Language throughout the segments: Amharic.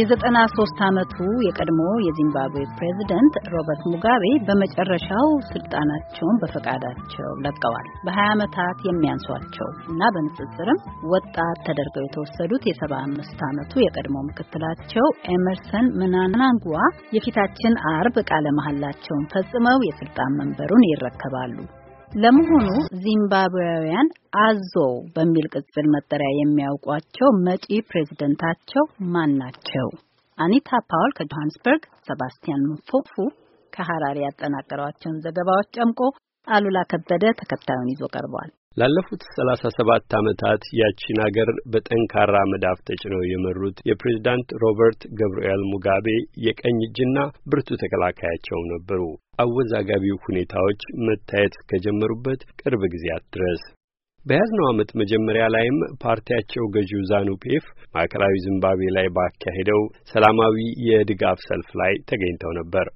የዘጠና ሶስት ዓመቱ የቀድሞ የዚምባብዌ ፕሬዚደንት ሮበርት ሙጋቤ በመጨረሻው ስልጣናቸውን በፈቃዳቸው ለቀዋል። በ20 ዓመታት የሚያንሷቸው እና በንጽጽርም ወጣት ተደርገው የተወሰዱት የሰባ 75 ዓመቱ የቀድሞ ምክትላቸው ኤመርሰን ምናናንጓ የፊታችን አርብ ቃለ መሀላቸውን ፈጽመው የስልጣን መንበሩን ይረከባሉ። ለመሆኑ ዚምባብዌያውያን አዞ በሚል ቅጽል መጠሪያ የሚያውቋቸው መጪ ፕሬዝደንታቸው ማን ናቸው? አኒታ ፓውል ከጆሃንስበርግ፣ ሰባስቲያን ፎፉ ከሐራሪ ያጠናቀሯቸውን ዘገባዎች ጨምቆ አሉላ ከበደ ተከታዩን ይዞ ቀርቧል። ላለፉት ሰላሳ ሰባት ዓመታት ያቺን አገር በጠንካራ መዳፍ ተጭነው የመሩት የፕሬዝዳንት ሮበርት ገብርኤል ሙጋቤ የቀኝ እጅና ብርቱ ተከላካያቸው ነበሩ። አወዛጋቢው ሁኔታዎች መታየት እስከጀመሩበት ቅርብ ጊዜያት ድረስ በያዝነው ዓመት መጀመሪያ ላይም ፓርቲያቸው ገዢው ዛኑ ፒኤፍ ማዕከላዊ ዚምባብዌ ላይ ባካሄደው ሰላማዊ የድጋፍ ሰልፍ ላይ ተገኝተው ነበር።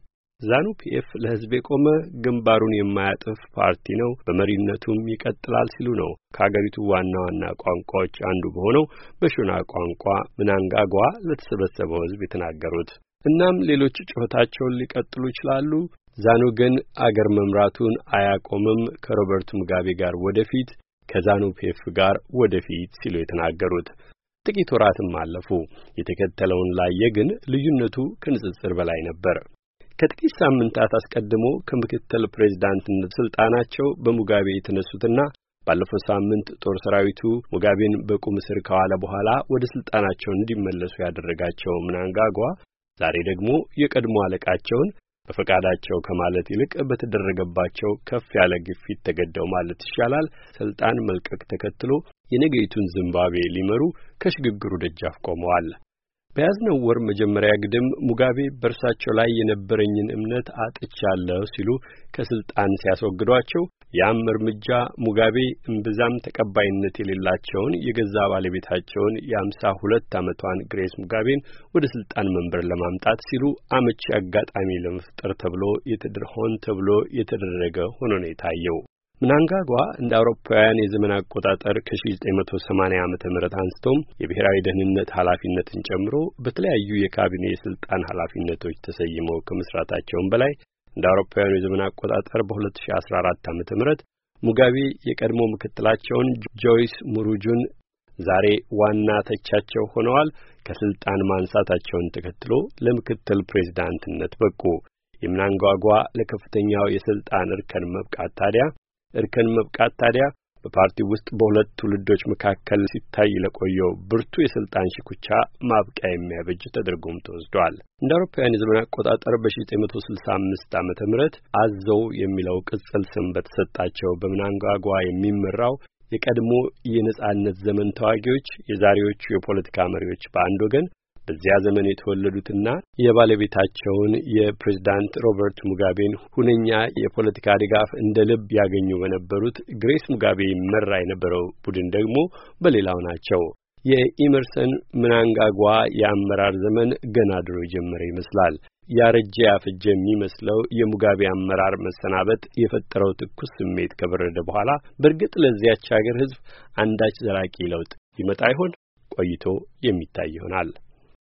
ዛኑ ፒኤፍ ለህዝብ የቆመ ግንባሩን የማያጥፍ ፓርቲ ነው፣ በመሪነቱም ይቀጥላል ሲሉ ነው ከሀገሪቱ ዋና ዋና ቋንቋዎች አንዱ በሆነው በሾና ቋንቋ ምናንጋጓ ለተሰበሰበው ህዝብ የተናገሩት። እናም ሌሎች ጩኸታቸውን ሊቀጥሉ ይችላሉ። ዛኑ ግን አገር መምራቱን አያቆምም፣ ከሮበርት ሙጋቤ ጋር ወደፊት፣ ከዛኑ ፒኤፍ ጋር ወደፊት ሲሉ የተናገሩት። ጥቂት ወራትም አለፉ። የተከተለውን ላየ ግን ልዩነቱ ከንጽጽር በላይ ነበር። ከጥቂት ሳምንታት አስቀድሞ ከምክትል ፕሬዝዳንትነት ስልጣናቸው በሙጋቤ የተነሱትና ባለፈው ሳምንት ጦር ሰራዊቱ ሙጋቤን በቁም እስር ከዋለ በኋላ ወደ ስልጣናቸው እንዲመለሱ ያደረጋቸው ምናንጋጓ ዛሬ ደግሞ የቀድሞ አለቃቸውን በፈቃዳቸው ከማለት ይልቅ በተደረገባቸው ከፍ ያለ ግፊት ተገደው ማለት ይሻላል ስልጣን መልቀቅ ተከትሎ የነገይቱን ዝምባብዌ ሊመሩ ከሽግግሩ ደጃፍ ቆመዋል። በያዝነው ወር መጀመሪያ ግድም ሙጋቤ በእርሳቸው ላይ የነበረኝን እምነት አጥቻለሁ ሲሉ ከስልጣን ሲያስወግዷቸው ያም እርምጃ ሙጋቤ እምብዛም ተቀባይነት የሌላቸውን የገዛ ባለቤታቸውን የአምሳ ሁለት አመቷን ግሬስ ሙጋቤን ወደ ስልጣን መንበር ለማምጣት ሲሉ አመቺ አጋጣሚ ለመፍጠር ተብሎ ሆን ተብሎ የተደረገ ሆኖ ነው የታየው። ምናንጋጓ እንደ አውሮፓውያን የዘመን አቆጣጠር ከ1980 ዓ ም አንስቶም የብሔራዊ ደህንነት ኃላፊነትን ጨምሮ በተለያዩ የካቢኔ የስልጣን ኃላፊነቶች ተሰይመው ከመስራታቸውም በላይ እንደ አውሮፓውያኑ የዘመን አቆጣጠር በ2014 ዓ ም ሙጋቤ የቀድሞ ምክትላቸውን ጆይስ ሙሩጁን ዛሬ ዋና ተቻቸው ሆነዋል። ከስልጣን ማንሳታቸውን ተከትሎ ለምክትል ፕሬዝዳንትነት በቁ። የምናንጓጓ ለከፍተኛው የስልጣን እርከን መብቃት ታዲያ እርከን መብቃት ታዲያ በፓርቲው ውስጥ በሁለት ትውልዶች መካከል ሲታይ ለቆየው ብርቱ የስልጣን ሽኩቻ ማብቂያ የሚያበጅ ተደርጎም ተወስዷል። እንደ አውሮፓውያን የዘመን አቆጣጠር በ1965 ዓመተ ምህረት አዘው የሚለው ቅጽል ስም በተሰጣቸው በምናንጓጓ የሚመራው የቀድሞ የነጻነት ዘመን ተዋጊዎች የዛሬዎቹ የፖለቲካ መሪዎች በአንድ ወገን በዚያ ዘመን የተወለዱትና የባለቤታቸውን የፕሬዝዳንት ሮበርት ሙጋቤን ሁነኛ የፖለቲካ ድጋፍ እንደ ልብ ያገኙ በነበሩት ግሬስ ሙጋቤ ይመራ የነበረው ቡድን ደግሞ በሌላው ናቸው። የኢመርሰን ምናንጋጓ የአመራር ዘመን ገና ድሮ የጀመረ ይመስላል። ያረጀ ያፈጀ የሚመስለው የሙጋቤ አመራር መሰናበት የፈጠረው ትኩስ ስሜት ከበረደ በኋላ በእርግጥ ለዚያች ሀገር ሕዝብ አንዳች ዘላቂ ለውጥ ይመጣ ይሆን? ቆይቶ የሚታይ ይሆናል።